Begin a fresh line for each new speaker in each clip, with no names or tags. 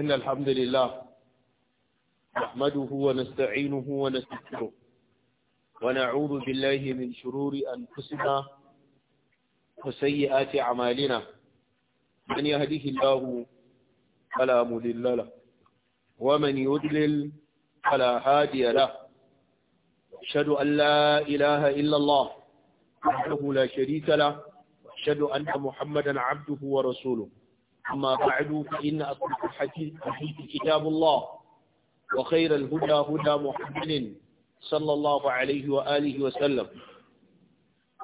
إن الحمد لله نحمده ونستعينه ونستغفره ونعوذ بالله من شرور أنفسنا وسيئات أعمالنا من يهده الله فلا مذل له ومن يضلل فلا هادي له أشهد أن لا إله إلا الله وحده لا شريك له وأشهد أن محمدا عبده ورسوله أما بعد فإن أصدق الحديث كتاب الله وخير الهدى هدى محمد صلى الله عليه وآله وسلم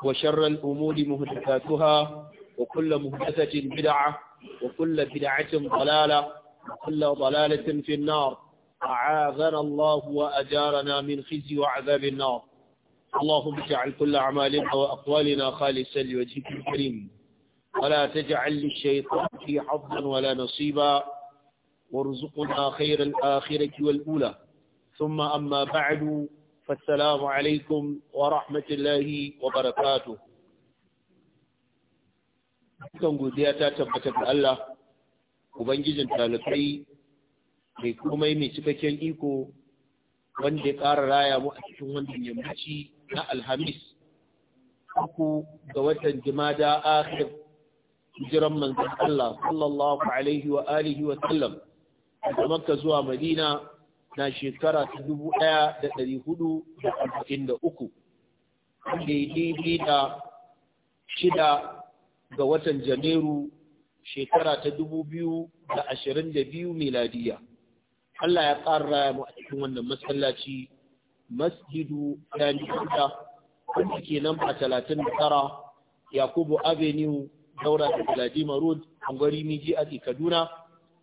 وشر الأمور مهدفاتها وكل مهدفة بدعة وكل بدعة ضلالة وكل ضلالة في النار أعاذنا الله وأجارنا من خزي وعذاب النار اللهم اجعل كل أعمالنا وأقوالنا خالصا لوجهك الكريم ولا تجعل للشيطان في حظا ولا نصيبا وارزقنا خير الآخرة والأولى ثم أما بعد فالسلام عليكم ورحمة الله وبركاته kan godiya ta tabbatar da Allah ubangijin talakai mai komai mai cikakken iko wanda ya ƙara raya mu a cikin wannan yammaci na alhamis uku ga watan jimada akhir hijiran manzon Allah sallallahu alaihi wa alihi wa sallam daga Makka zuwa Madina na shekara ta arba'in da uku. daidai da shida ga watan Janairu shekara ta 2022 miladiya Allah ya ƙara mu a cikin wannan masallaci masjidu ya nisa wanda ke nan da tara Yakubu Avenue daura da Galadima Road Angwari Miji a Kaduna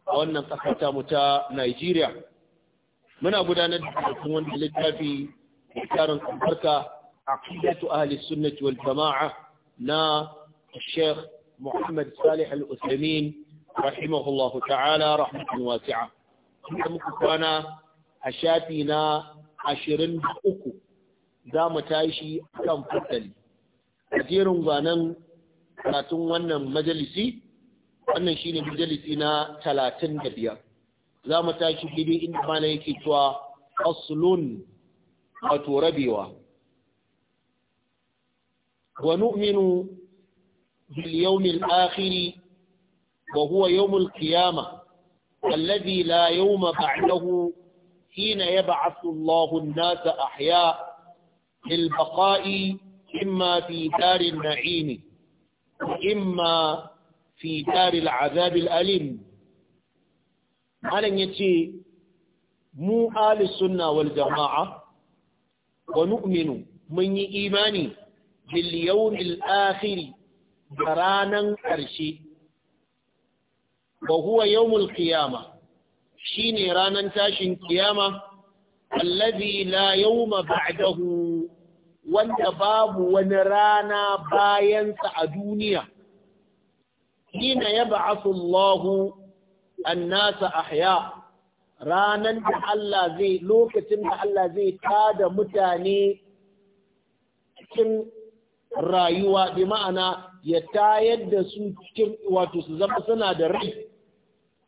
a wannan kasar ta ta Nigeria muna gudanar da karatun wanda littafi karin albarka aqidatu ahli sunnati wal jama'a na Sheikh Muhammad Salih Al-Uthaymeen ta'ala rahmatan wasi'a da muku kwana a shafi na ashirin da uku za mu tashi kan fasali a jerin gwanan karatun wannan majalisi wannan shine majalisi na talatin da biyar za mu tashi gidi inda mana yake cewa faslun wato rabewa wa nu'minu bil yawmil akhir wa huwa yawmul qiyamah alladhi la yawma ba'dahu حين يبعث الله nasa أحياء للبقاء إما fi tarin na'ini. imma fi daril azabil alim malam yace mu ahli sunna wal jama'a wa nu'minu mun yi imani bil yawmil akhir ranan karshe wa huwa yawmul shine ranan tashin kiyama alladhi la yawma ba'dahu wanda babu wani rana bayansa a duniya hina ya ba'asu annasa ahya ranan da Allah zai lokacin da Allah zai tada mutane cikin rayuwa bi ma'ana ya tayar da su cikin wato su zama suna da rai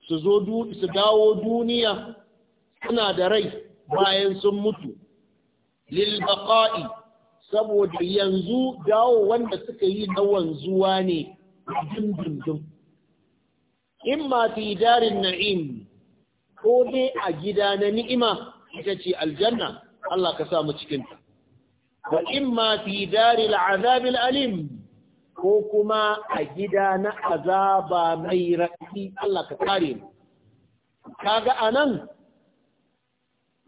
su zo su dawo duniya suna da rai bayan sun mutu lil baqa'i saboda yanzu dawo wanda suka yi na wanzuwa ne dindindin imma fi darin na'im ko dai a gida na ni'ima ita ce aljanna Allah ka samu cikinta wa imma fi daril azabil alim ko kuma a gida na azaba mai raɗi Allah ka kare mu kaga anan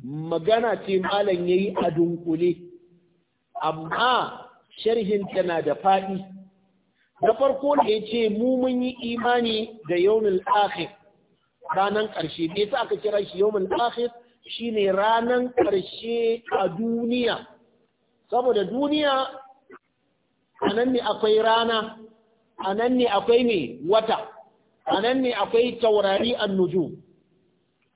magana ce malam yayi a dunkule amma sharhinta na da faɗi na farko da ya ce mu mun yi imani da yawmin akhir ranan ƙarshe da yasa aka kira shi yawmin shi ne ranan ƙarshe a duniya saboda duniya a nan ne akwai rana a nan ne akwai ne wata a nan ne akwai taurari annuju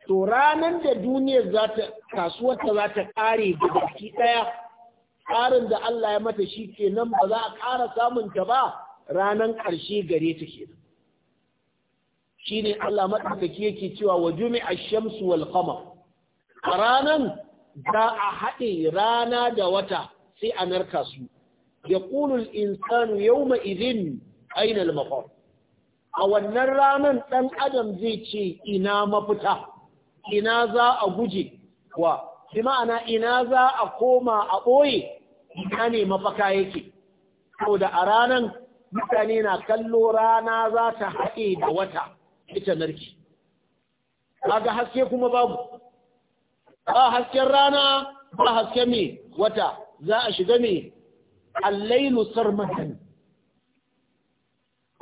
to ranar da duniyar za ta kasuwar za ta kare da baki ɗaya. ƙarin da Allah ya mata shi ke nan ba za a ƙara samun ta ba Ranar ƙarshe gare ta ke Shi ne Allah madaukaki yake cewa wa jumi'a a shamsu wal kama. a ranar za a haɗe rana da wata sai a narka su yaqulu insanu yau ma izin ainihin a wannan ranar ɗan adam zai ce ina mafita ina za a guje wa bi ma'ana ina za a koma a ɓoye ina ne mafaka yake da a ranan mutane na kallo rana za ta haɗe da wata ita narki kaga haske kuma babu ba hasken rana ba haske mai wata za a shiga mai allailu sarmatan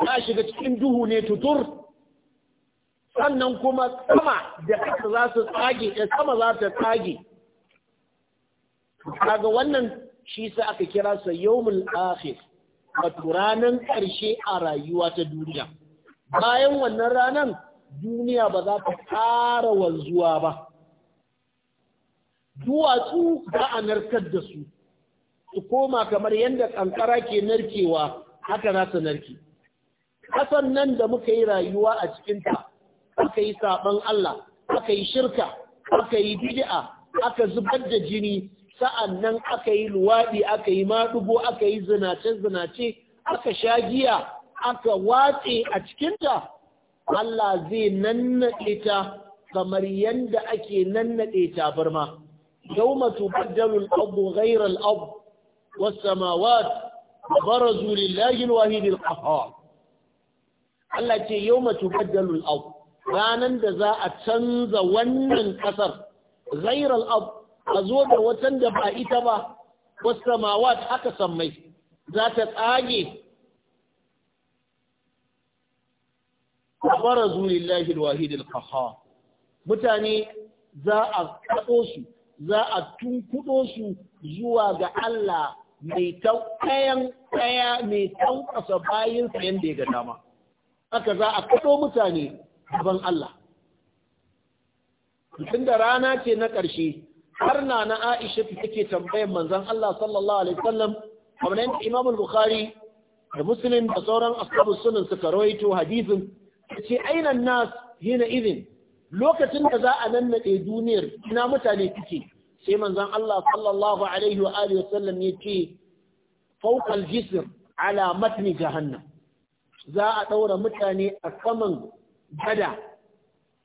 za a shiga cikin duhu ne tutur sannan kuma sama da kasa za su tsage sama za ta tsage kaga wannan shi sa aka kira sa yawmul akhir wato ranan karshe a rayuwa ta duniya bayan wannan ranan duniya ba za ta ƙara wanzuwa ba duwatsu za a narkar da su su koma kamar yadda kankara ke narkewa haka za su narke kasan nan da muka yi rayuwa a cikinta aka yi saɓon Allah aka yi shirka aka yi bid'a aka zubar da jini sa'an nan aka yi luwaɗi aka yi maɗugo aka yi zinace-zinace aka sha giya aka watse a cikinta Allah zai nannaɗe ta kamar yadda ake nannaɗe tabarma يوم تبدل الأرض غير الأرض والسماوات وبرزوا لله الوهيد القهار Allah ce yau matu baddalul ab ranar da za a canza wannan ƙasar, ghairal ab a zo da watan da ba ita ba wasu mawat haka sammai za ta tsage barazu lillahi wahidil alqahhar mutane za a kado su za a tunkuɗo su zuwa ga Allah mai taukayan ƙaya mai taukasa bayan sa yanda ya ga dama haka za a kado mutane gaban Allah da rana ce na ƙarshe har na na Aisha take tambayar manzon Allah sallallahu alaihi wasallam kamar yadda Imam Bukhari da Muslim da sauran ashabu sunan suka rawaito hadisin ce aina nas hina idin lokacin da za a nannade duniyar ina mutane kike sai manzon Allah sallallahu alaihi wa alihi wasallam yace fawqa al-jisr ala matni jahannam za a daura mutane a saman gada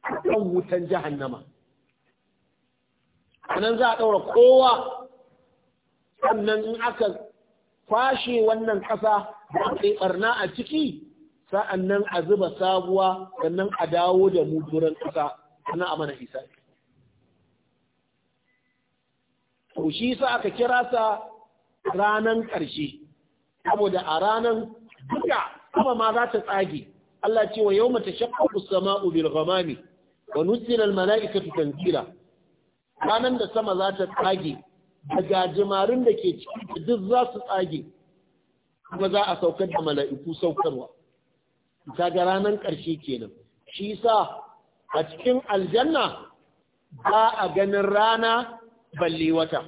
kan wutan jahannama nan za a ɗaura kowa sannan in aka kwashe wannan ƙasa da aka yi ɓarna a ciki sa'annan a zuba sabuwa sannan a dawo da mu ƙasa a mana isa to shi sa aka kira sa ranan ƙarshe saboda a ranan duka kuma ma za ta tsage Allah ce wa yau mata shakka sama'u bil ne wa nutsinan al mala'ikatu tanzila ranar da sama za ta tsage da gajimarin da ke ciki da duk za su tsage kuma za a saukar da mala'iku saukarwa ta ga ranar ƙarshe kenan shi sa a cikin aljanna ba a ganin rana balle wata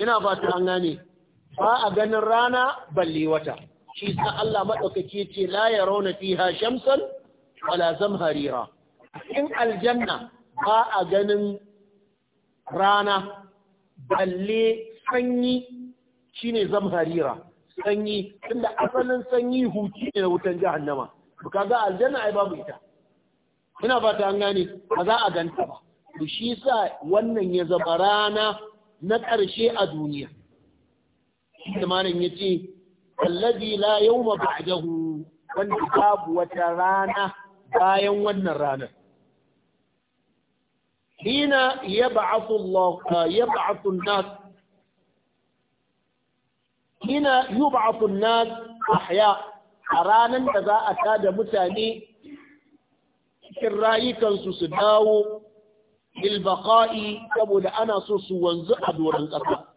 ina ba ta an gane ba a ganin rana balle wata shi sa Allah maɗaukaki ce la ya rauna fiha shamsan wala zamharira cikin aljanna ba a ganin rana balle sanyi shine zamharira sanyi tunda asalin sanyi huci ne na wutan jahannama to kaga aljanna ai babu ita ina fata an gane ba za a ganta ba to shi sa wannan ya zama rana na ƙarshe a duniya shi malam ya ce allazi la yawma ba'dahu wanda babu wata rana bayan wannan ranar hina yab'athu Allah uh, yab'athu an a ranan da za a tada mutane cikin rayukansu su dawo bilbaqa'i saboda ana so su wanzu a doron ƙasa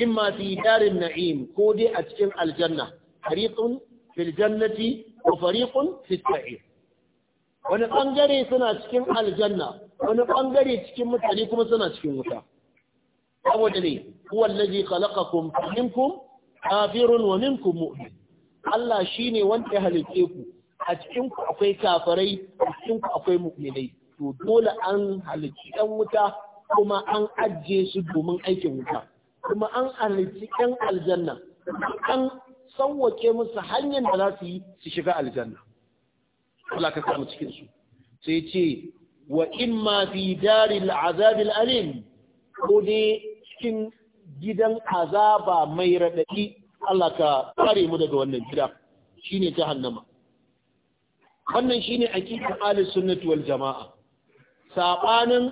imma fi na'im ko dai a cikin aljanna wa wani ɓangare suna cikin aljanna wani ɓangare cikin mutane kuma suna cikin wuta saboda ne wallazi khalaqakum minkum kafirun wa minkum mu'min Allah shine wanda ya halice ku a cikin ku akwai kafirai a cikin ku akwai mu'minai to dole an halicci ɗan wuta kuma an ajiye su domin aikin wuta kuma an halicci ɗan aljanna an sauwake musu hanyar da za su yi su shiga aljanna Allah ka samu cikin su sai ce wa imma fi daril azabil alim ko dai cikin gidan azaba mai raɗaɗi? Allah ka kare mu daga wannan gida shine jahannama wannan shine aqidar ahlus sunnati wal jamaa sabanin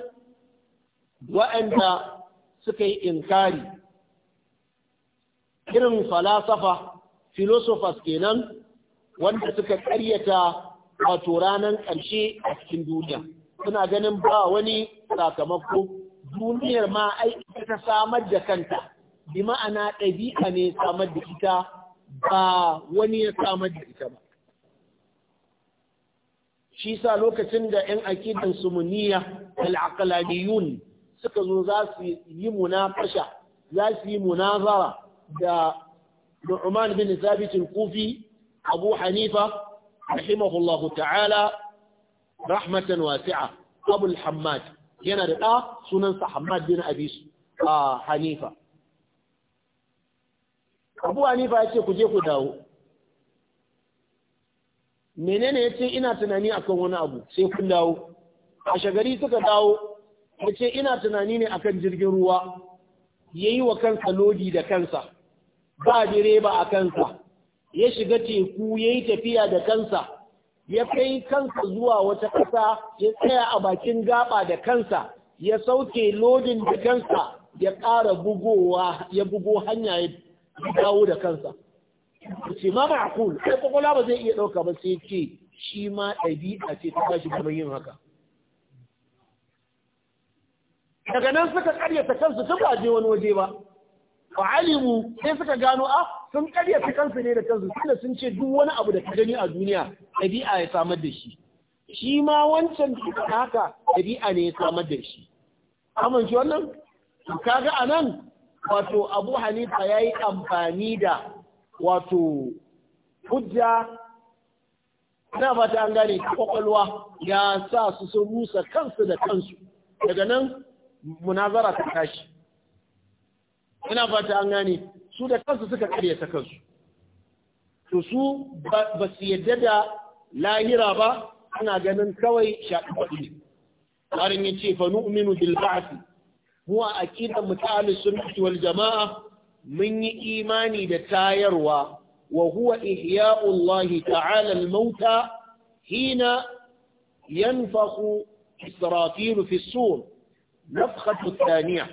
wa'anda suka yi inkari irin falasafa philosophers kenan wanda suka karyata wato ranar ƙarshe a cikin duniya suna ganin ba wani sakamako duniyar ma ta samar da kanta bi ma'ana ɗabi'a ne samar da ita ba wani ya samar da ita ba shi sa lokacin da 'yan akidan sumuniya al'aqlaniyun suka zo za su yi munafasha za su yi munazara da Nu'man bin Thabit al-Kufi Abu Hanifa rahimahullahu ta'ala rahmatan wasi'a abul hammad yana da ɗa sunansa hammad bin abi a hanifa abu hanifa ya ce ku je ku dawo menene ya ce ina tunani akan wani abu sai kun dawo a shagari suka dawo ya ce ina tunani ne akan jirgin ruwa ya yi wa kansa lodi da kansa ba direba a kansa ya shiga teku ya yi tafiya da kansa ya kai kansa zuwa wata ƙasa ya tsaya a bakin gaba da kansa ya sauke lodin da kansa ya ƙara bugowa ya bugo hanya ya dawo da kansa ce ma ma'akul sai kwakwala ba zai iya ɗauka ba sai ce shi ma ɗabi'a ce ta tashi kuma yin haka daga nan suka ƙaryata kansu tun ba je wani waje ba fa'alimu sai suka gano a ah, sun karya fi kansu ne da kansu tunda sun ce duk wani abu da ka gani a duniya ɗabi'a ya samar da shi shi ma wancan haka ɗabi'a ne ya samar da shi amince wannan kaga a nan wato abu hanifa ya yi amfani da wato hujja na fata an gane kwakwalwa ya sa su sun rusa kansu da kansu daga nan munazara ta tashi ina fata an gane su da kansu suka karyata kansu to su ba su yadda da lahira ba ana ganin kawai shaɗi faɗi ne ƙarin ya ce fanu uminu bil ba'asi mu a aqidan mutahal sun wal jama'a mun yi imani da tayarwa wa huwa ihya'u Allah ta'ala al mauta hina yanfakhu israfilu fi sur nafkhatu thaniya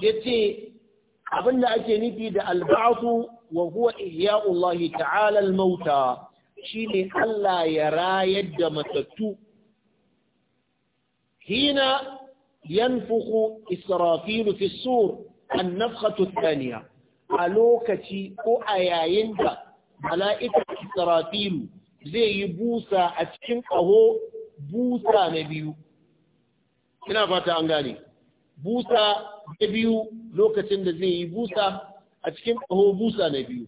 ce abin da ake nufi da alba'atu wa huwa ihya'ullahi ta'ala al-mauta shine Allah ya rayar da matattu hina yanfukhu israfilu fi sur an-nafkhatu ath-thaniya a lokaci ko a yayin da mala'ika israfilu zai yi busa a cikin ƙaho busa na biyu ina fata an gane busa na biyu lokacin da zai yi busa a cikin ƙaho busa na biyu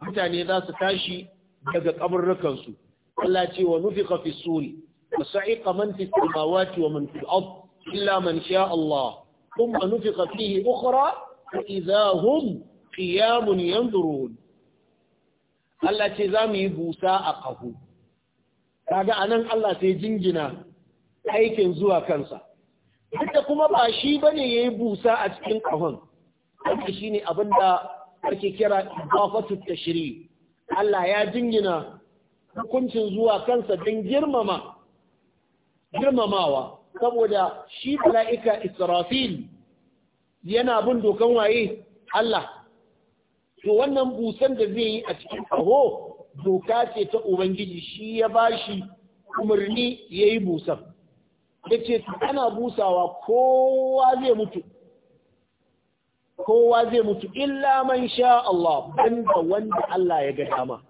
mutane za su tashi daga kaburrukansu Allah ce wa nufiqa fi suri wa sa'iqa man fi samawati wa man fi al-ard illa man sha Allah thumma nufiqa fihi ukhra fa idha hum qiyamun yanzurun Allah ce za mu yi busa a ƙaho kaga anan Allah sai jingina aikin zuwa kansa duk kuma ba shi ba ne ya yi busa a cikin kahon wanda shine abin da ake kira ta shiri Allah ya jingina hukuncin zuwa kansa don girmama girmamawa saboda shi bala'ika israfil yana bin dokan waye Allah to wannan busan da zai yi a cikin ƙaho doka ce ta ubangiji shi ya bashi umarni ya yi busan ya ce ana busawa kowa zai mutu kowa zai mutu illa man sha Allah banda wanda Allah ya ga dama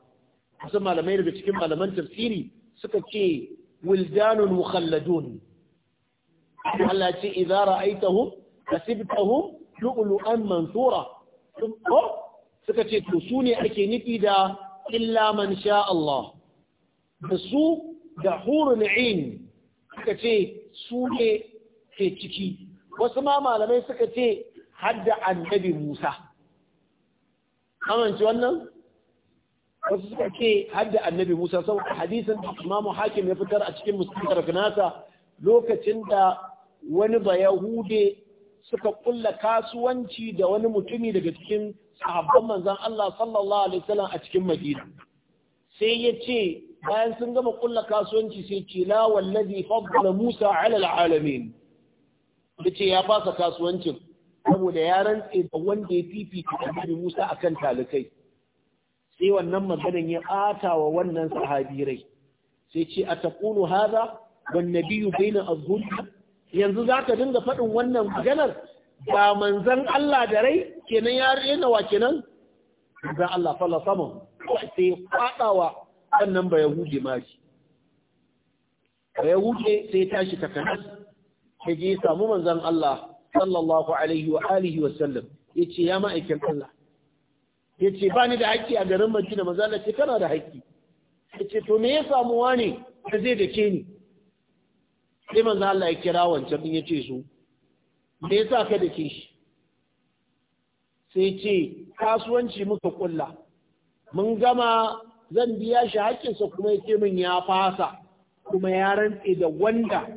kusan malamai daga cikin malaman tafsiri suka ce wildanun mukhalladun Allah ce idza ra'aitahum kasibtahum lu'lu'an mansura suka ce to su ne ake nufi da illa man sha Allah da su da hurun ain suka ce su ne ke ciki wasu ma malamai suka ce hadda annabi Musa amince wannan wasu suka ce hadda annabi Musa saboda hadisin hadisun imamu Hakim ya fitar a cikin musnad nasa lokacin da wani bayahude suka kulla kasuwanci da wani mutumi daga cikin sahabban manzan Allah sallallahu alaihi wasallam a cikin Madina sai ya ce bayan sun gama kulla kasuwanci sai ce la wallazi faddala Musa ala alalamin yace ya fasa kasuwancin saboda ya rantse da wanda ya fifita annabi Musa akan talikai sai wannan maganan ya ɓata wa wannan sahabi rai sai ce a taqulu hadha wan nabiyyu baina azhuri yanzu zaka dinga faɗin wannan maganar ba manzon Allah da rai kenan ya rena wa kenan da Allah falla sama sai ya sannan ba yahudi ma shi ba yahudi sai tashi takanas ta je samu manzan Allah sallallahu alaihi wa alihi wa sallam ce ya ma'aikin Allah ce, ba ni da haƙƙi a garin Madina maza Allah ce kana da haƙƙi ce to me ya samu wani da zai dake ni sai manzan Allah ya kira wancan ya ce su me ya sa ka ke shi sai ce kasuwanci muka kulla mun gama zan biya shi haƙƙinsa kuma ya ce min ya fasa kuma ya rantse da wanda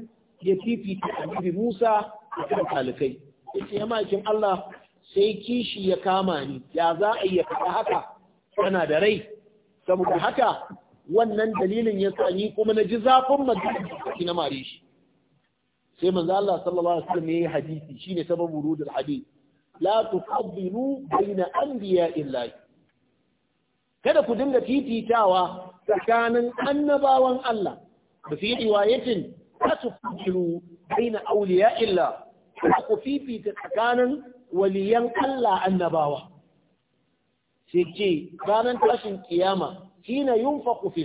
ya fifita annabi Musa a kan talikai yace ya makin Allah sai kishi ya kama ni ya za a yi faɗa haka tana da rai saboda haka wannan dalilin ya sa ni kuma na ji zafin magana shi na mare shi sai manzo Allah sallallahu alaihi wasallam yayi hadisi shine sababu rudul hadith la tufaddilu baina anbiya'illahi kada ku dinga fifitawa tsakanin annabawan Allah da fi riwayatin ta su kujiru baina auliya illa ku fifita tsakanin waliyan Allah annabawa sai ce ranar tashin kiyama hina yunfaku fi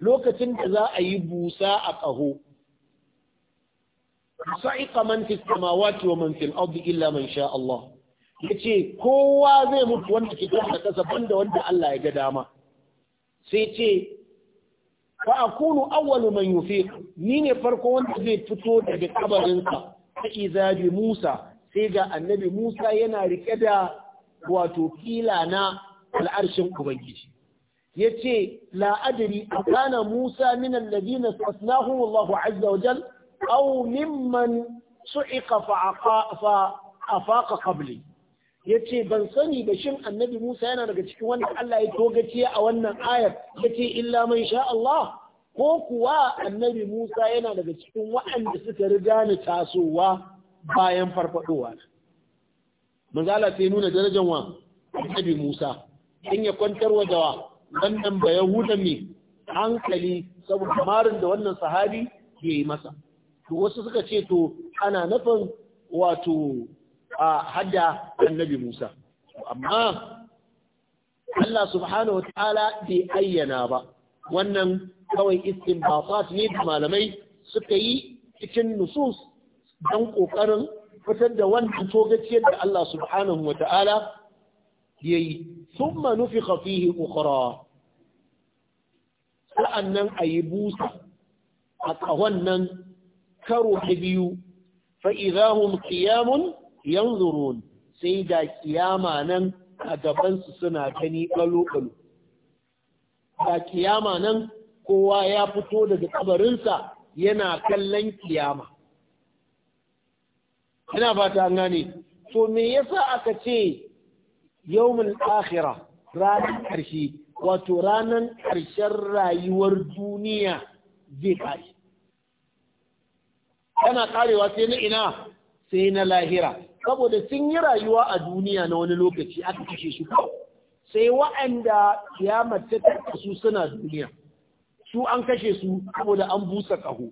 lokacin da za a yi busa a ƙaho sa'iqa man fi samawati wa man fil ardi illa man sha Allah ya ce kowa zai mutu wanda ke kan da banda wanda Allah ya ga dama sai ce fa akunu awwalu man yufiq ni ne farko wanda zai fito daga kabarinka. ta bi Musa sai ga annabi Musa yana rike da wato kila na al'arshin ubangiji yace la adri kana Musa min alladhina asnahu Allahu azza wa jal aw mimman su'iqa fa afaqa qabli ya ce ban sani ba shin annabi Musa yana daga cikin wanda Allah ya togace a wannan ayar ya ce illa man sha Allah ko kuwa annabi Musa yana daga cikin waɗanda suka riga ni tasowa bayan farfadowa manzala sai nuna darajar wa annabi Musa in ya kwantar wa dawa wannan ba yahuda mai hankali saboda marin da wannan sahabi ya yi masa to wasu suka ce to ana nufin wato a hadda annabi Musa amma Allah subhanahu wataala bai ayyana ba wannan kawai istinbatat ne da malamai suka yi cikin nusus don ƙoƙarin fitar da wannan togaciyar da Allah subhanahu wataala yayi sun manufi fihi ukhra sa'annan ayi busa a nan karo da biyu fa idahum yanzurun sai da kiyama nan a gabansu suna gani ƙalo-ƙalo. Da kiyama nan kowa ya fito daga kabarinsa yana kallon kiyama. Ina fata an gane, to me yasa aka ce yawmin akhira ranar ƙarshe, wato ranar ƙarshen rayuwar duniya zai ƙare? Yana ƙarewa sai na ina sai na lahira. saboda sun yi rayuwa a duniya na wani lokaci aka kashe shi sai wa'anda kiyamar ta su suna duniya su an kashe su saboda an busa kaho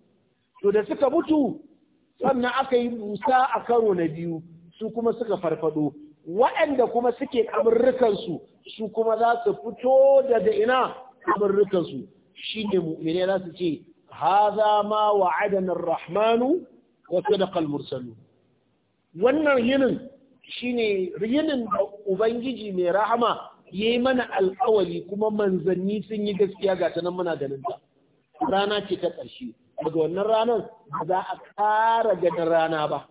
to da suka mutu sannan aka yi busa a karo na biyu su kuma suka farfado wa'anda kuma suke kamurrukansu su kuma za su fito daga ina kamurrukansu shi ne mu'mine za su ce haza ma wa'adanar rahmanu wa sadaqal mursalun wannan yinin shine yinin da ubangiji mai rahama ya yi mana alkawari kuma manzanni sun yi gaskiya ga ta nan muna ganin ta rana ce ta ƙarshe daga wannan ranar ba za a ƙara ganin rana ba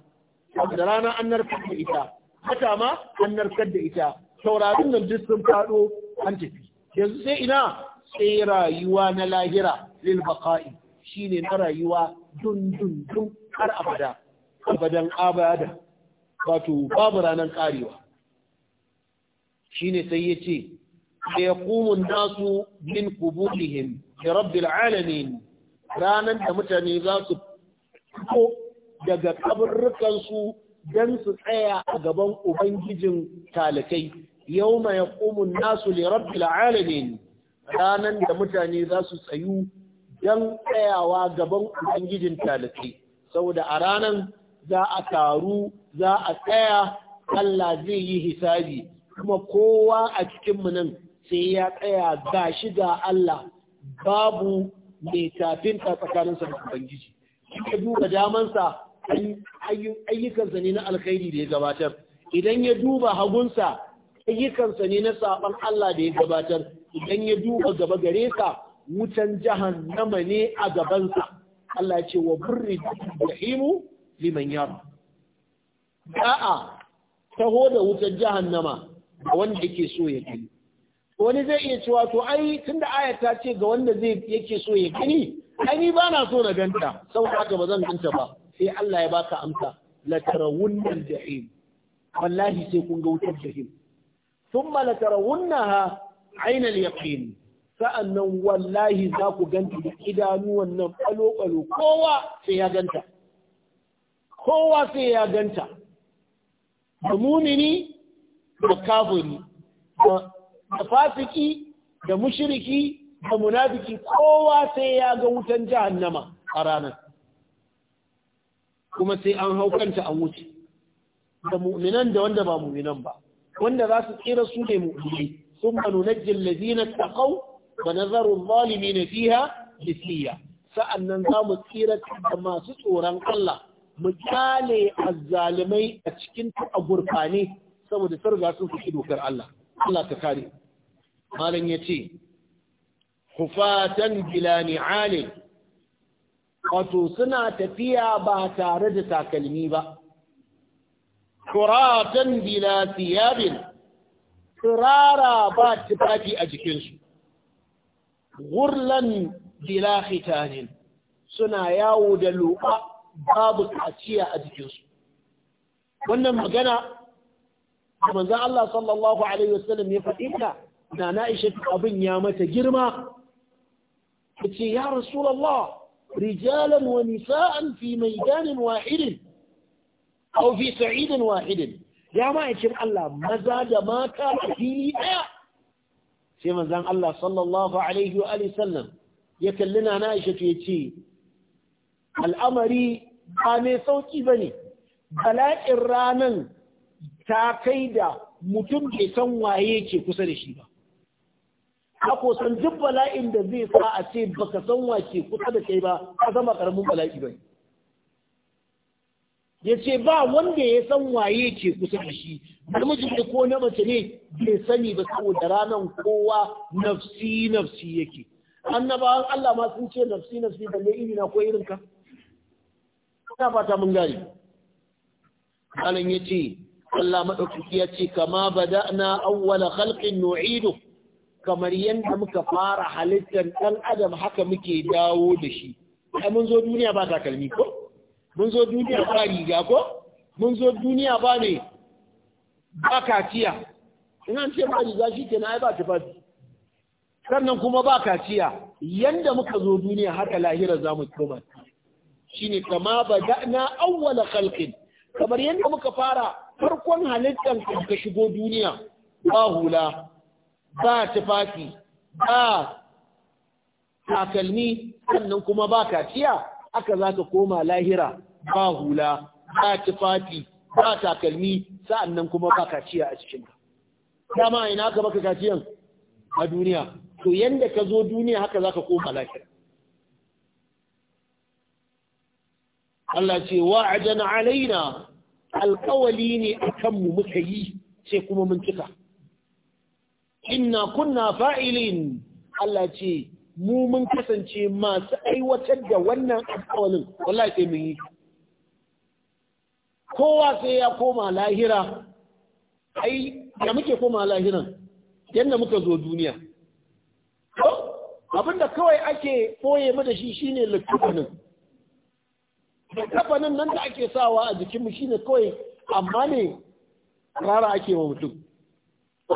da rana an narkar da ita hata ma an narkar da ita saurarin nan duk sun faɗo an tafi yanzu sai ina sai rayuwa na lahira lil baqa'i shine na rayuwa dun har abada abadan abada wato babu ranar karewa shine sai ya ce da ya kumun nasu min kubulihim da rabbil alamin ranar da mutane za su fito daga su don su tsaya a gaban ubangijin talakai yau mai kumun nasu li rabbil alamin ranar da mutane za su tsayu don tsayawa gaban ubangijin talakai saboda a ranar za a taru za a tsaya Allah zai yi hisabi kuma kowa a cikinmu nan sai ya tsaya ga shi ga Allah babu mai tafinta tsakaninsa da Ubangiji. Ya duba damansa ayyukansa ne na alkhairi da ya gabatar. Idan ya duba hagunsa ayyukansa ne na saɓan Allah da ya gabatar. Idan ya duba gaba gare sa wutan nama ne a gabansa. Allah ce wa burri da himu liman yara a'a taho da wutar jahannama ga wanda yake so ya gani wani zai iya cewa to ai tunda ayat ta ce ga wanda zai yake so ya gani ai ni ba na so na ganta saboda haka ba zan ganta ba sai Allah ya baka amsa la tarawunna jahim wallahi sai kun ga wutar jahim thumma la tarawunnaha ayna yaqin sa'annan wallahi za ku ganta da idanuwan nan kalo kalo kowa sai ya ganta kowa sai ya ganta da munini da kafiri da fasiki da mushiriki da munafiki kowa sai ya ga wutan jahannama a ranar kuma sai an haukanta an wuce da mu'minan da wanda ba mu'minan ba wanda za su tsira su ne mu'minai sun na manunajjin lazina taƙau wa nazarun zalimi na fiya da fiya Sa'an nan za mu tsira da masu tsoron Allah mu kyale azzalimai a cikin a gurfane saboda sun sun fi dokar Allah Allah ka kare malam yace hufatan bila ni'alin wato suna tafiya ba tare da takalmi ba kuratan bila thiyabin turara ba tufafi a jikinsu gurlan bila khitanin suna yawo da lu'a babu kaciya a jikinsu wannan magana da manzan Allah sallallahu Alaihi wasallam ya faɗi ta na na'ishe abin ya mata girma ta ce ya rasulallah rijalan wa nisa'an fi maidanin wahidin au fi sa'idin wahidin ya ma'aikin Allah maza da mata a fili ɗaya sai manzan Allah sallallahu Alaihi wa sallam ya kalli na na'ishe ya ce al'amari ba mai sauki ba ne bala'in ranar ta kai da mutum bai san waye ke kusa da shi ba ako san duk bala'in da zai sa a ce baka san wa ke kusa da kai ba ka zama ƙaramin bala'i ba ya ce ba wanda ya san waye ke kusa da shi namiji ne ko na mace ne bai sani ba saboda ranar kowa nafsi nafsi yake annabawan Allah ma sun ce nafsi nafsi balle iri na ko irin ka ta fata mun gani ya ce, Allah madaukaki ya ce kama bada'na awwala khalqin nu'idu kamar yanda muka fara halittar dan adam haka muke dawo da shi ai mun zo duniya ba takalmi ko mun zo duniya ba riga ko mun zo duniya ba ne ba kaciya ina ce ba riga shi kenan ai ba tufafi sannan kuma ba kaciya yanda muka zo duniya haka lahira za mu koma shine kama na awwala khalqin kamar yadda muka fara farkon halittar ka shigo duniya ba hula ba tufafi ba takalmi sannan kuma ba kaciya aka za ka koma lahira ba hula ba tufafi ba takalmi sa'annan kuma ba kaciya a cikinka dama ina ka baka kaciyan a duniya to yadda ka zo duniya haka za ka koma lahira Allah ce jana alaina alkawali ne a kanmu muka yi sai kuma mun cika inna kunna fa'ilin Allah ce mu mun kasance masu aiwatar da wannan alkawalin wallahi sai mun yi kowa sai ya koma lahira ai da muke koma lahiran yadda muka zo duniya abinda kawai ake ɓoye mu da shi shine littafanin kafanin nan da ake sawa a jikinmu shine kawai amma ne rara ake wa mutum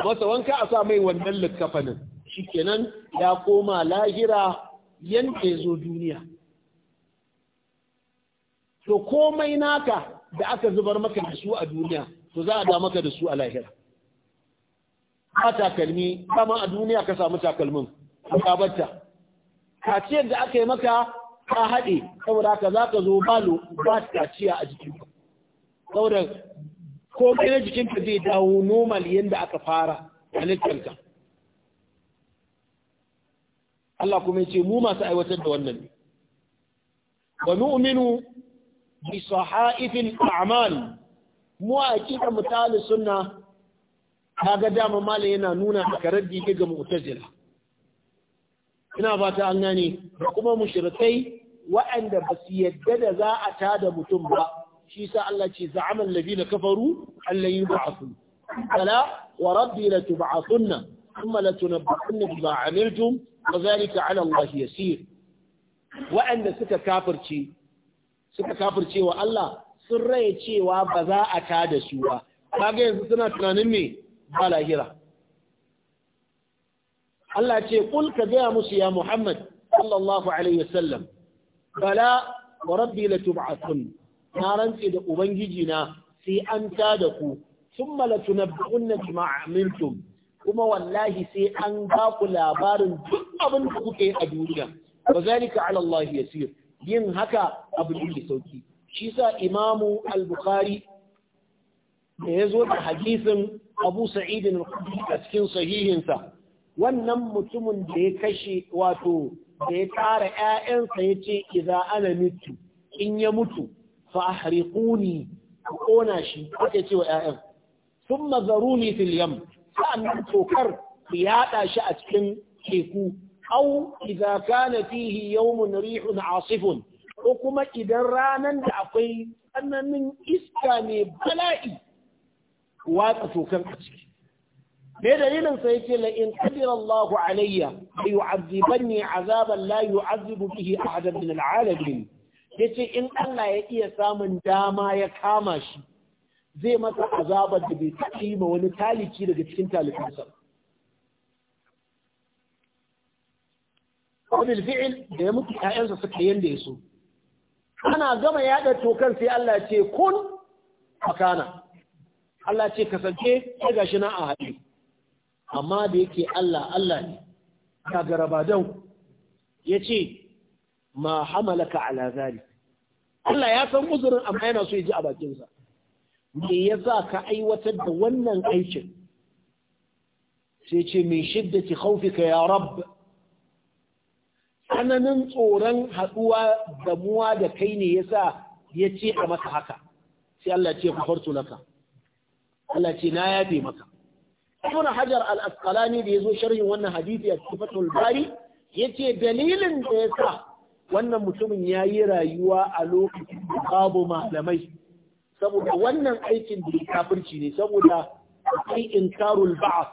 masa wanka a sa mai wannan likkafanin shikenan ya koma lahira yanda ya zo duniya to komai naka da aka zubar maka da su a duniya to za a da maka da su a lahira ba takalmi kama a duniya ka samu takalmin a kabarta kaciyar da aka yi maka ka haɗe saboda haka za ka zo balo ba kaciya a jikin saboda komai jikin jikinka zai dawo normal yadda aka fara halittarka Allah kuma ce mu masu aiwatar da wannan ne wa nu'minu bi sahaifil a'mal mu a kika suna ta kaga dama malai yana nuna da karaddi ga mu'tazila ina ba ta an gane da kuma mushrikai waɗanda ba su yadda da za a ta da mutum ba shi sa Allah ce za'amal ladina kafaru allan yub'athu kala wa rabbi la tub'athunna thumma la tunabbahunna bima amiltum wa zalika 'ala Allah yasir waɗanda suka kafirce suka kafirce wa Allah sun raya cewa ba za a ta da su ba kaga yanzu suna tunanin me ba lahira Allah ce kul ka gaya musu ya Muhammad sallallahu alaihi wasallam bala wa rabbi la tub'athun na rantse da ubangiji na sai an ta da ku thumma la tunabba'unna bima amiltum kuma wallahi sai an ba ku labarin duk abin da kuke a duniya wa zalika ala Allah yasir yin haka abu ne sauki shi sa imamu al-bukhari da ya zo da hadisin abu sa'idin a cikin sahihinsa wannan mutumin da ya kashe wato da ya tara ‘ya'yansa ya ce, Iza ana mutu, in ya mutu, fa a ni a ƙona shi, ake ce wa ‘ya'yan. Sun mazaru ni filiyam, sa'an tokar ku yaɗa shi a cikin teku, au, iza kana fihi yawmun rihun asifun, ko kuma idan ranar da akwai tsananin iska mai bala'i, watsa tokar a ciki. me dalilin sa yace la in qadira Allah alayya yu'adhibanni azaban la yu'adhibu bihi ahadan min al'alamin yace in Allah ya iya samun dama ya kama shi zai masa azabar da bai taɓa yi ma wani taliki daga cikin talikansa wani fi'il da ya mutu ƴaƴansa suka yanda ya so ana gama yaɗa tokan sai Allah ce kun makana Allah ce kasance ya gashi na a haɗe amma da yake Allah Allah ne ka garaba dau ya ce ma hamalaka ala zali Allah ya san uzurin amma yana so ya ji a bakinsa me ya za ka aiwatar da wannan aikin sai ce min shiddati khawfika ya rabb tsananin tsoron haduwa damuwa da kai ne yasa ya ce a maka haka sai Allah ce kafartu laka Allah ce na yafe maka ibn hajar al-asqalani da yazo sharhin wannan hadisi a cikin fatul bari yace dalilin da yasa wannan mutumin yayi rayuwa a lokacin babu malamai saboda wannan aikin da kafirci ne saboda akwai inkarul ba'th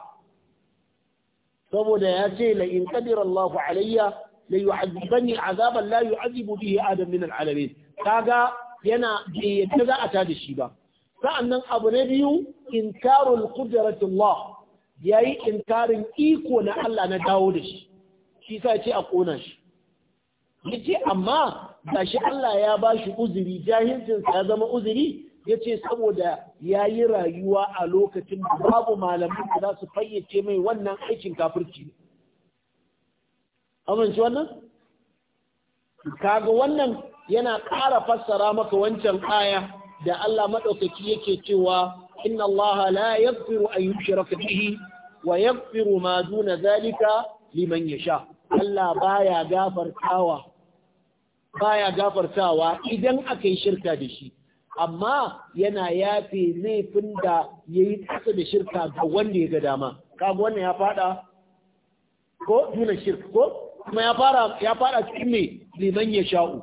saboda ya ce la in qadira Allahu alayya la yu'adhibani azaban la yu'adhibu bihi adam min al-alamin kaga yana bai yadda za a tada shi ba sa'annan abu na biyu inkarul qudratullah ya yi inkarin iko na Allah na dawo da shi shi sa ce a ƙona shi ya ce amma ga shi Allah ya ba shi uzuri jahilcinsa ya zama uzuri ya ce saboda ya yi rayuwa a lokacin da babu malamin da za su fayyace mai wannan aikin kafirci ki. Amince wannan? Kaga wannan yana ƙara fassara maka wancan aya da Allah maɗaukaki yake cewa inna Allah la yaghfiru an yushraka bihi wa yaghfiru ma duna zalika liman yasha Allah baya gafartawa baya gafartawa idan akai shirka da shi amma yana yafe laifin da yayi tsaka da shirka ga wanda ya ga dama kaga wannan ya fada ko duna shirka ko kuma ya fara ya fada cikin me liman yasha'u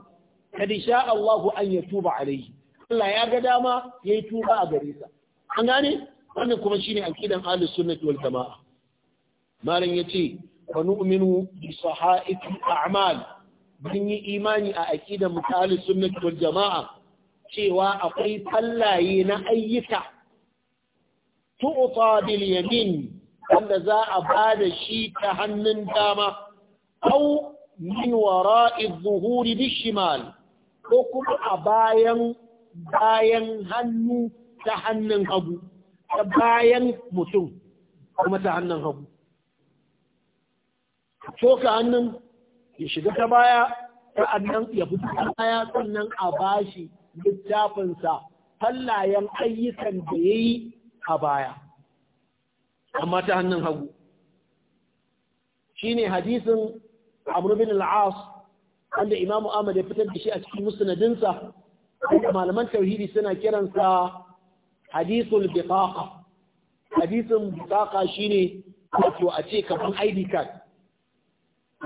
kadi sha Allahu an yatuba alayhi Allah ya ga dama yayi tuba a gare sa an gane wannan kuma shine aqidan ahlus sunnati wal jamaa malam yace fa nu'minu bi sahaif a'mal mun yi imani a aqidan mu ahlus sunnati wal jamaa cewa akwai fallaye na ayyuka tu'ta bil yamin wanda za a bada shi ta hannun dama au min wara'i dhuhuri bi shimal ko kuma a bayan bayan hannu ta hannun hagu ta bayan mutum kuma ta hannun hagu soka hannun ya shiga ta baya sa'annan ya fito ta baya sannan a bashi littafinsa hallayen ayyukan da ya yi a baya amma ta hannun hagu Shi ne hadisin Amr bin al wanda imamu Ahmad ya fitar da shi a cikin musnadinsa malaman tauhidi suna kiransa hadisul bitaqa hadisin bitaqa shine wato a ce kaman ID card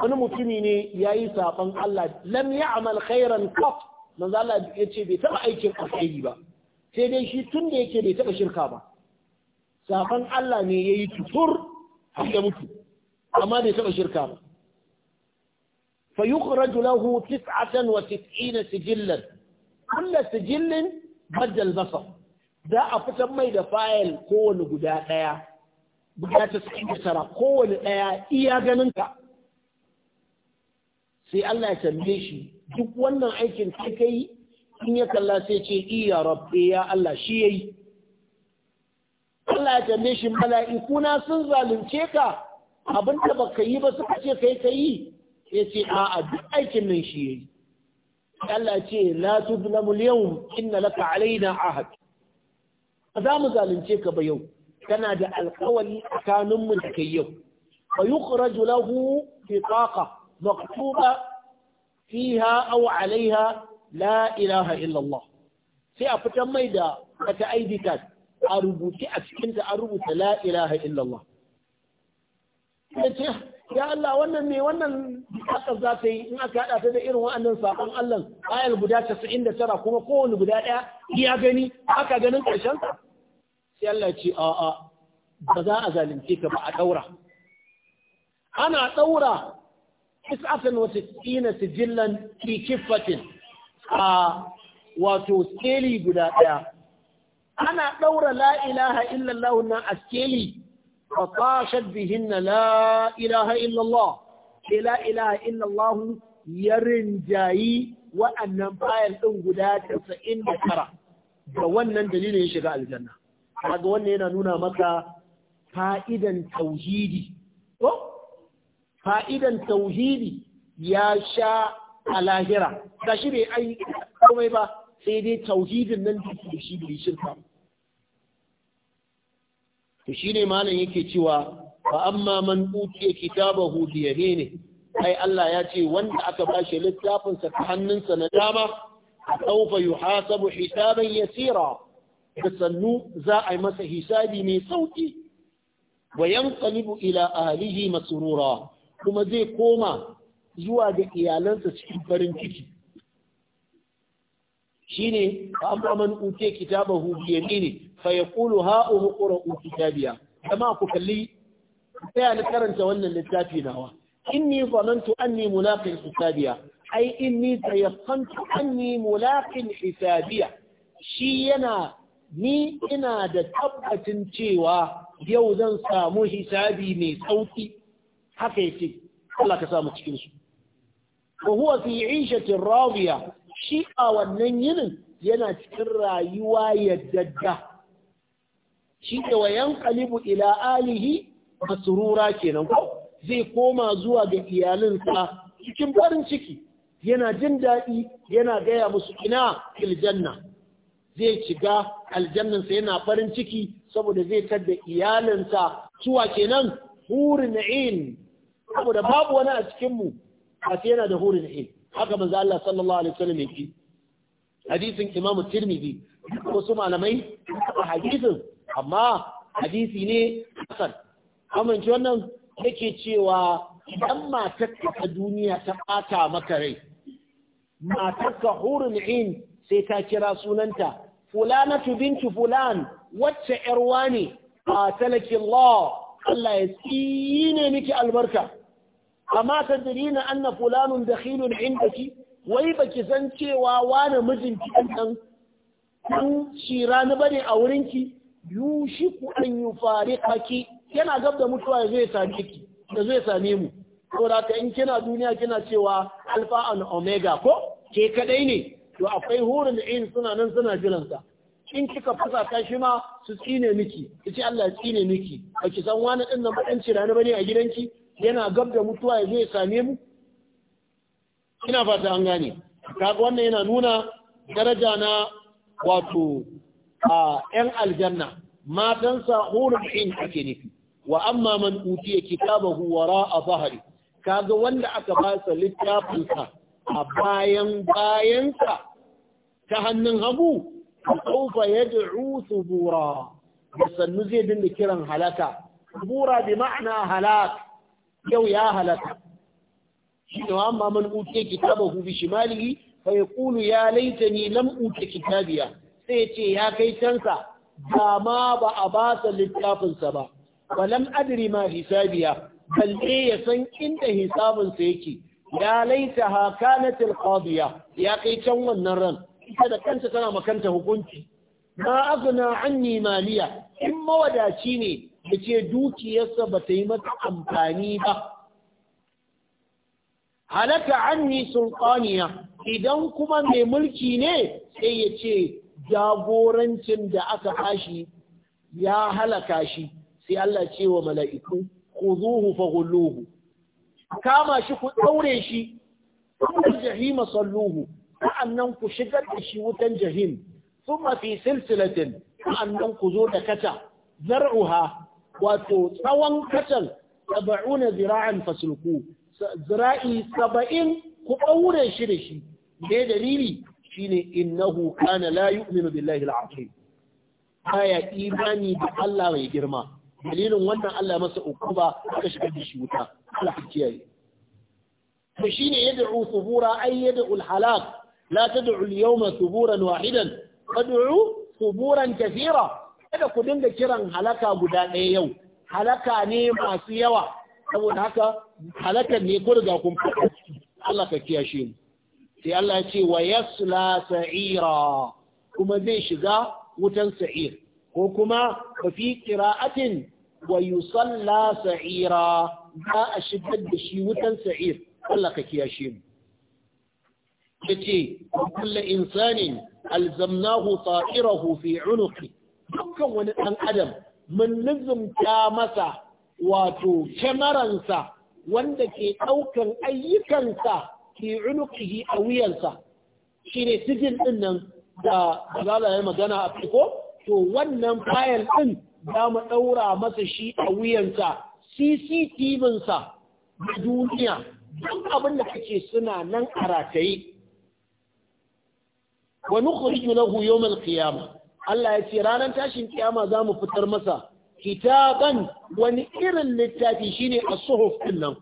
wani mutumi ne yayi saban Allah lam ya'mal khairan qat manzo Allah yace bai taba aikin alheri ba sai dai shi tun da yake bai taɓa shirka ba saban Allah ne yayi tutur har mutu amma bai taɓa shirka ba fa yukhraju lahu 69 sijillan kullu sijillin badal basar za a fitar mai da fayil kowane guda ɗaya guda ta tara kowane ɗaya iya ganinka sai Allah ya tambaye shi duk wannan aikin kai kai in ya kalla sai ce iya rabbi ya Allah shi yayi Allah ya tambaye shi mala'ikuna sun zalunce ka Abin da baka yi ba suka ce kai kai ya ce a'a duk aikin nan shi yayi Allah ce la tuzlamu al-yawm inna laka alaina ahad ba za mu zalunce ka ba yau kana da alkawali mu da kai yau fa yukhraju lahu bitaqa maktuba fiha aw alaiha la ilaha illa Allah sai a fitar mai da kata ID card a rubuce a cikin ta an rubuta la ilaha illa Allah ya Allah wannan ne wannan haka za ta yi in aka haɗa ta da irin wa'annan saƙon Allah ayar guda 99 kuma kowane guda ɗaya iya gani aka ganin ƙarshen ta sai Allah ce a a ba za a zalunce ka ba a ɗaura ana ɗaura tis'atan wa tis'ina sijillan fi kiffatin a wato skeli guda ɗaya ana ɗaura la ilaha illallah nan a skeli فطاشت بهن لا إله إلا الله لا إله إلا الله يرنجاي وأنم بايل أنقدا تسعين بكرة فوانا دليل يشغى الجنة هذا وانا هنا نونا مكة فائدا توحيدي fa'idan tauhidi ya sha a lahira, ga shi bai ai komai ba sai dai tauhidin nan da shi bai shirka. to shine malam yake cewa fa amma man utiya kitabahu bi yamini ai Allah ya ce wanda aka bashi littafin sa ta hannunsa na dama A sawfa yuhasabu hisaban yasira da sannu za a yi masa hisabi mai sauki wa yanqalibu ila ahlihi masrura kuma zai koma zuwa ga iyalansa cikin farin ciki shine fa amma man utiya kitabahu bi yamini fa yaqulu ha'u kitabiya kama ku kalli sai na karanta wannan littafi nawa ni zanantu anni mulaqin kitabiya. ai inni tayaqantu anni mulaqin kitabiya. shi yana ni ina da tabbacin cewa yau zan samu hisabi mai sauki haka yake Allah ka samu cikinsu. su fi 'ishatin shi a wannan yinin yana cikin rayuwa yaddadda shi ne wa ila alihi Masurura kenan ko zai koma zuwa ga iyalinsa cikin farin ciki yana jin daɗi yana gaya musu ina aljanna zai shiga aljannansa yana farin ciki saboda zai tadda iyalinsa suwa kenan hurin in saboda babu wani a cikinmu a yana da hurin in haka manzo Allah sallallahu alaihi wasallam yake hadisin Imam Tirmidhi wasu malamai a hadisin amma hadisi ne hasan amince wannan yake cewa idan matarka ta duniya ta ɓata maka rai matarka hurun in sai ta kira sunanta fulanatu bintu fulan wacce yar ne a talakin law Allah ya tsine miki albarka amma ta dirina anna fulanun dakhilun indaki wai baki san cewa wani mijinki dan dan shira ni bane a wurinki yushiku an haki yana gab da mutuwa ya zai same ki da zai same mu da ka in kina duniya kina cewa alfa an omega ko ke kadai ne to akwai da in suna nan suna jiransa in kika fasa ta shi ma su tsine miki ce Allah tsine miki ba ki san wani din nan badan cirani bane a gidanki yana gab da mutuwa ya zai same mu ina fata an gane kaga wannan yana nuna daraja na wato A ‘yan aljanna, matansa hurin in ake nufi, wa amma man utiya kitaba huwara a bahari, kaga wanda aka ba sa littafinsa a bayan bayansa ta hannun hagu, ƙaufa ya da'u subura, da sannu zai dinda kiran halaka, Bura bi ma'ana halak, yau ya halaka. Shi ne wa amma man utiya kitabahu bi shimalihi, fa ya kulu ya laitani lam utiya kitabiya. sai ce ya kai cansa ba ma ba a ba sa littafinsa ba walam adri ma hisabiya balle ya san inda hisabinsa yake ya laita ha kanatil qadiya ya kai can wannan ran ita da kanta tana makanta hukunci ma azna anni maliya in mawadaci ne yace dukiyarsa ba ta yi mata amfani ba halaka anni sultaniya idan kuma mai mulki ne sai ya ce jagorancin da aka hashi ya halaka shi sai Allah ce wa mala'iku khuzuhu faghulluhu kama shi ku daure shi kuma jahima salluhu sa'annan ku shigar da shi wutan jahim thumma fi silsilatin sa'annan ku zo da kata zar'uha wato tsawon katan sab'una zira'an fasulku zira'i saba'in ku daure shi da shi ne dalili shine innahu kana la yu'minu billahi al-azim baya imani da Allah mai girma dalilin wannan Allah masa ukuba aka shiga da shi wuta Allah kiyaye to shine yad'u subura ay yad'u al-halak la tad'u al-yawma suburan wahidan ad'u suburan kathira kada ku dinga kiran halaka guda ɗaya yau halaka ne masu yawa saboda haka halakan ne ku riga kun Allah ka kiyashe mu sai Allah ya ce wa yasla sa'ira kuma zai shiga wutan sa'ir ko kuma ba fi qira'atin wa yusalla sa'ira za a shigar da shi wutan sa'ir Allah ka kiyashe mu yace kullu insanin alzamnahu ta'irahu fi 'unuqi dukkan wani dan adam mun nizumta masa wato kyamaransa wanda ke ɗaukan ayyukansa fi unuqihi a wuyansa shine sijin din nan da zala ya magana a fiko to wannan fayil ɗin za mu ɗaura masa shi a wuyansa CCTV sa da duniya duk abin da kake suna nan a rataye wani nukhriju lahu yawm al Allah ya ce ranar tashin kiyama za mu fitar masa kitaban wani irin littafi shine as-suhuf din nan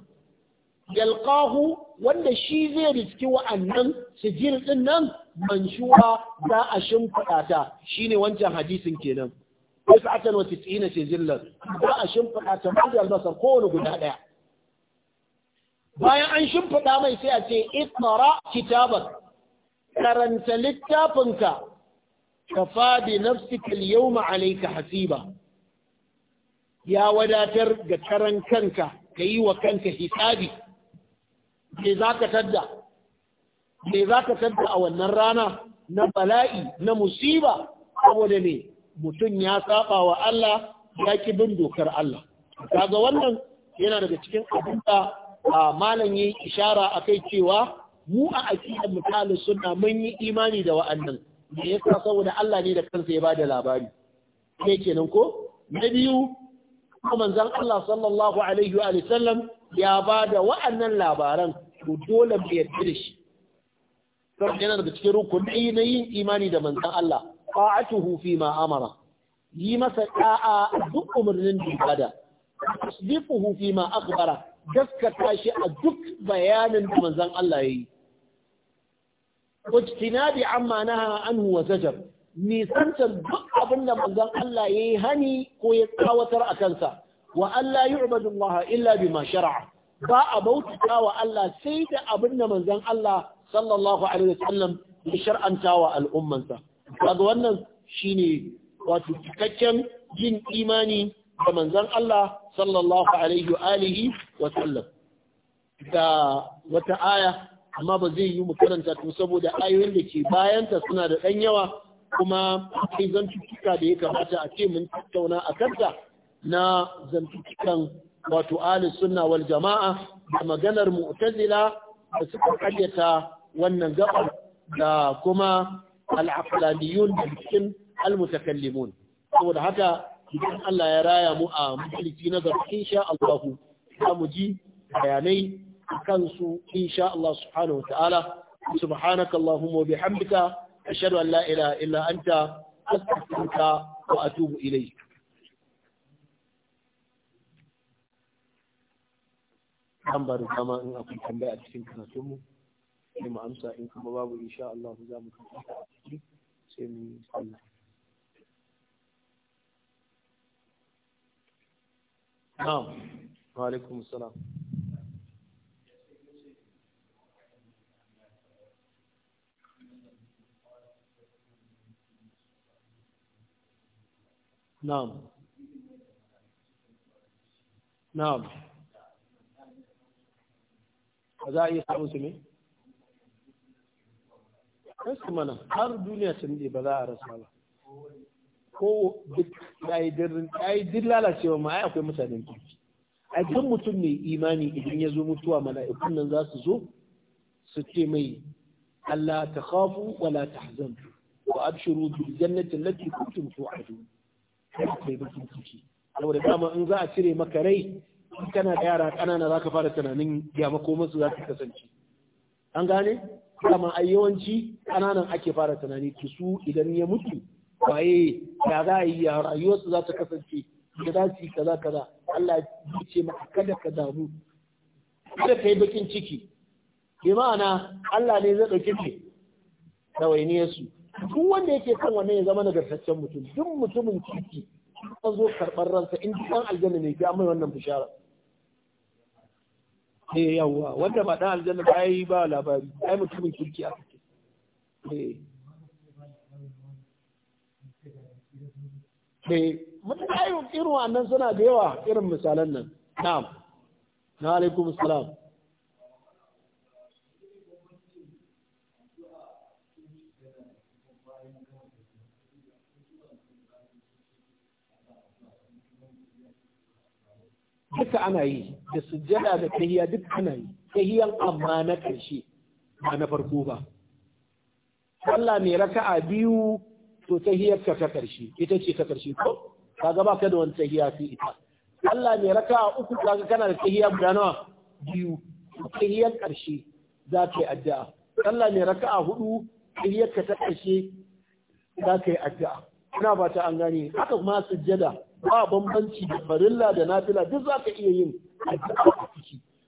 yalqahu wanda shi zai riski wa'annan sijil din nan manshuwa za a shimfiɗa ta shine wancan hadisin kenan wasu atan wa tis'ina ce za a shimfiɗa ta ba albasar kowane guda ɗaya bayan an shimfiɗa mai sai a ce ikmara kitabar karanta littafinka ka fadi nafsika yau alayka hasiba ya wadatar ga karan kanka ka yi wa kanka hisabi me za ka tadda me za ka tadda a wannan rana na bala'i na musiba saboda ne mutum ya saba wa Allah ya ki bin dokar Allah kaga wannan yana daga cikin abin da malam yayi ishara akai cewa mu a aqidar mutalin sunna mun yi imani da wa'annan me yasa saboda Allah ne da kansa ya bada labari kai kenan ko na biyu manzon Allah sallallahu alaihi wa sallam ya ba da wa'annan labaran to dole mu yarda da shi yana daga cikin rukuni na yin imani da manzan Allah fa'atuhu fi ma amara yi masa ɗa'a duk umarnin da ibada tasdiquhu fi ma akhbara gaskata shi a duk bayanin da manzan Allah yayi wajtinadi amma naha anhu wa zajar nisantar duk abin da manzon Allah yayi hani ko ya tsawatar a kansa wa Allah yu'badu Allah illa bima shar'a ba a bautata wa Allah sai da abin da manzon Allah sallallahu alaihi wasallam ya shar'anta wa al'ummansa kaga wannan shine wato cikakken jin imani da manzon Allah sallallahu alaihi wa alihi wa sallam da wata aya amma ba zai yi mu karanta to saboda ayoyin da ke bayanta suna da ɗan yawa kuma sai zan da ya kamata a ce mun tattauna a kanta na zantukan wato alis suna wal jama'a da maganar mu'tazila da suka karyata wannan gabar da kuma al da cikin al saboda haka idan Allah ya raya mu a majalisi na gaba insha Allah za mu ji bayanai kan su insha Allah subhanahu wa ta'ala subhanaka allahumma wa bihamdika ashhadu an la ilaha illa anta astaghfiruka wa atubu ilayk an ba in akwai tambaya a cikin karatun mu sai mu amsa in kuma babu insha Allah za mu tafi a ciki sai mu yi sallah na'am wa alaikum salam نعم نعم za a iya samun su ne su mana har duniya sun ne ba za a rasa ba ko duk din lalacewa ma ai akwai mutanen kirki a kan mutum mai imani idan ya zo mutuwa mala'ikun nan za su zo su ce mai Allah ta khafu wala tahzan wa abshiru bil jannati allati kuntum tu'adun kai bakin ciki saboda dama in za a cire maka rai in kana da yara ƙanana za ka fara tunanin ya makomansu za ka kasance an gane kama a yawanci ƙananan ake fara tunani ki su idan ya mutu waye ya za a yi ya rayuwarsu za ta kasance da za su yi kaza kaza Allah ya ce ma, kada ka damu kada ka yi bakin ciki bi ma'ana Allah ne zai ɗauki ne ɗawainiyarsu duk wanda yake kan wannan ya zama nagartaccen mutum duk mutumin ciki an zo karɓar ransa in duk ɗan aljanna ne ya mai wannan bishara eh yawa wanda ba dan aljanna ba ai ba labari ai mutumin kirki aka ce eh eh mutane irin wannan suna da yawa irin misalan nan na'am na alaikum salam duka ana yi da sujjada da tahiya duk ana yi tahiyan amma na ƙarshe ba na farko ba sallah mai raka'a biyu to tahiyarka ta ƙarshe ita ce ta ƙarshe ko kaga baka da wani tahiya sai ita sallah mai raka'a uku kaga kana da tahiya guda nawa biyu tahiyar ƙarshe za ka yi addu'a sallah mai raka'a hudu tahiyarka ta ƙarshe za ka yi addu'a ina ba ta an gane haka kuma sujjada ba bambanci da farilla da nafila duk za ka iya yin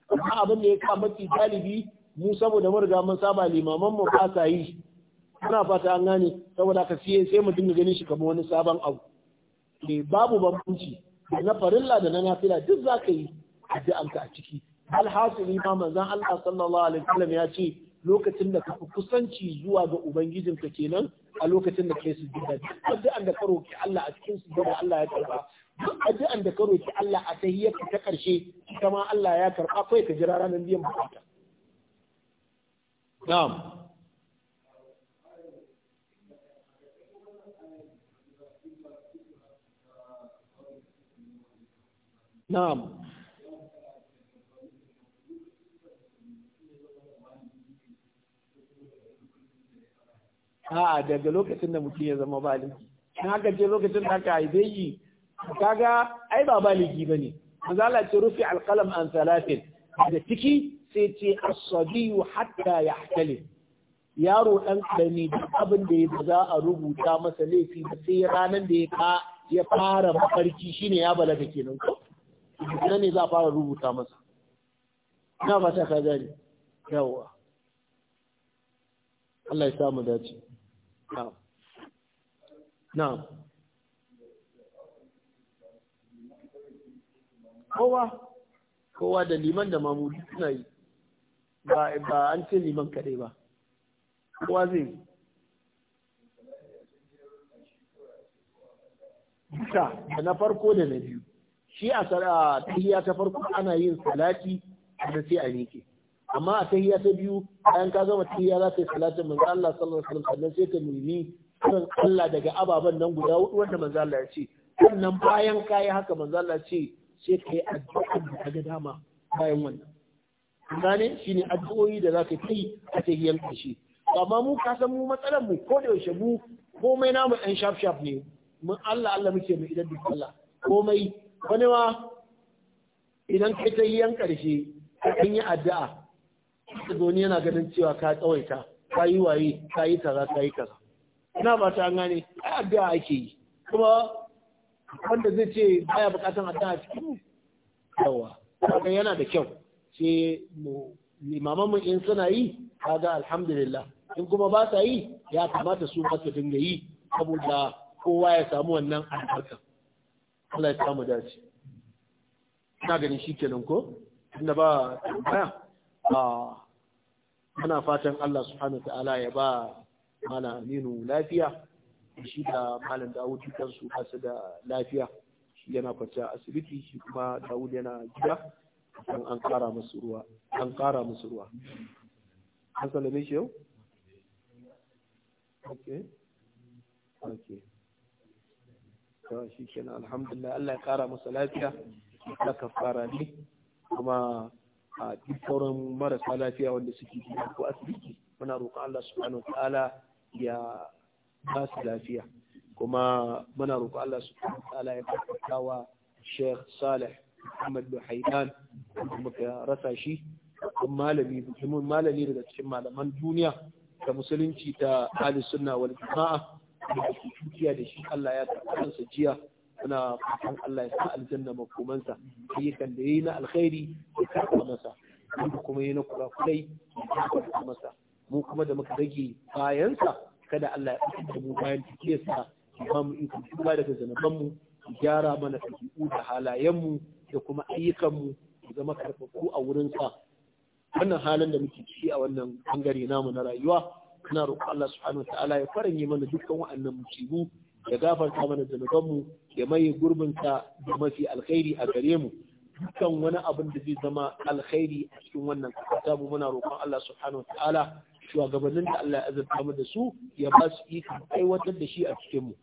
amma abin da ya ka mafi galibi mu saboda mun riga mun saba limaman mu ba yi ana fata an gane saboda ka siye sai mutum ya ganin shi kamar wani sabon abu ne eh, babu bambanci na farilla da na nafila duk za ka yi addu'anka a ciki alhasili ma manzon Allah sallallahu alaihi wasallam ya ce lokacin da ka kusanci zuwa ga ubangijinka kenan a lokacin da kai sujjada duk addu'an da ka roki Allah a cikin sujjada Allah ya karba duk addu'an da ka roki Allah a tahiyyarka ta karshe ita ma Allah ya karba kai ka jira ranar biyan bukata na'am na'am a'a daga lokacin da mutum ya zama baligi in haka ce lokacin da aka haife shi kaga ai ba baligi bane mazala ce rufe alqalam an salatin da ciki sai ce as-sabiyu hatta yahtalim yaro ɗan ƙarami duk abin da ya za a rubuta masa laifi da sai ranar da ya ya fara mafarki shine ya balaga kenan ko idan ne za a fara rubuta masa na ba ta ka gani yawa Allah ya samu dace na'am na'am kowa kowa da liman da mamuli suna yi ba an ce liman kaɗai ba kowa zai yi duka da na farko da na biyu shi a tsara ta farko ana yin salati da sai a miƙe amma a tahiyya ta biyu bayan ka gama tahiyya za ka yi salatin manzo Allah sallallahu alaihi wasallam sai ka nemi kan Allah daga ababen nan guda hudu wanda manzo Allah ya ce sannan bayan kai haka manzo Allah ce sai ka yi addu'a da ka ga dama bayan wannan gane shine addu'o'i da za ka yi a hiyan kashi amma mu ka san mu matsalar mu ko da yaushe mu komai namu dan shaf shaf ne mun Allah Allah muke mu idan duk Allah komai wani ma idan kai ta hiyan karshe ƙarshe yi addu'a ka zo yana ganin cewa ka tsawaita ka yi waye ka yi kaza ka yi kaza ina ba ta gane ai addu'a ake yi kuma wanda zai ce baya bukatan addu'a cikin yawa kaga yana da kyau sai mu limaman mu in suna yi kaga alhamdulillah in kuma ba sa yi ya kamata su ba su dinga yi saboda kowa ya samu wannan albarka Allah ya samu dace ina ganin shi kenan ko tunda ba tambaya Uh... Ana fatan Allah subhanahu wa ta'ala ya ba mana aminu lafiya shi da malam dawud kansu basu da lafiya shi yana kwanciya asibiti shi kuma dawud yana gida an kara musu ruwa an kara musu ruwa an salame shi yau okay okay to shi kenan alhamdulillah Allah ya kara masa lafiya da kafara ne kuma a duk marasa lafiya wanda suke gida ko asibiti muna roƙon Allah subhanahu wa ta'ala ya ba su lafiya kuma muna roƙon Allah subhanahu wa ta'ala ya barkata wa Sheikh Saleh Muhammad bin Haidan kuma ka rasa shi babban malami malami daga cikin malaman duniya da musulunci ta ahli sunna wal jama'a da kuciya da shi Allah ya karɓa jiya muna fatan Allah ya sa aljanna makomansa ayyukan da yayi na alkhairi ya karɓa masa wanda kuma yayi na kurakurai ya karɓa masa mu kuma da muka rage bayansa kada Allah ya fitar da mu bayan tafiyarsa ya ba mu iko tuba daga zanaban mu gyara mana ɗabi'u da halayen mu da kuma ayyukan mu zama karɓaɓɓu a wurinsa wannan halin da muke ciki a wannan bangare namu na rayuwa kana roƙo Allah subhanahu wa ta'ala ya faranye mana dukkan wa'annan musibu ya gafarta mana zunubanmu ya maye gurbinsa da mafi alkhairi a gare mu dukkan wani abin da zai zama alkhairi a cikin wannan kasa mu muna roƙon Allah subhanahu wa ta'ala shugabannin da Allah ya azurta mu da su ya ba su ikon aiwatar da shi a cikin mu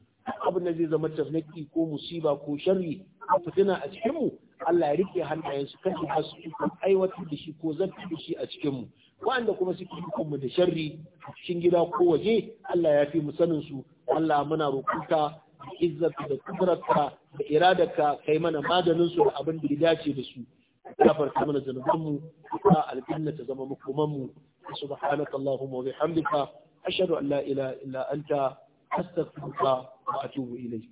abin da zai zama tafnaki ko musiba ko sharri ko fitina a cikin mu Allah ya rike hannayen su kan ba su ikon aiwatar da shi ko zartar da shi a cikin mu wanda kuma suke ikon mu da sharri a cikin gida ko waje Allah ya fi mu sanin su Allah muna roƙonka da izzarka da kudurarka da iradarka kai mana maganin su da abin da ya dace da su gafarta mana zanubanmu ta aljanna ta zama makomanmu subhanaka allahumma wa bihamdika ashhadu an la ilaha illa anta astaghfiruka wa atubu ilayk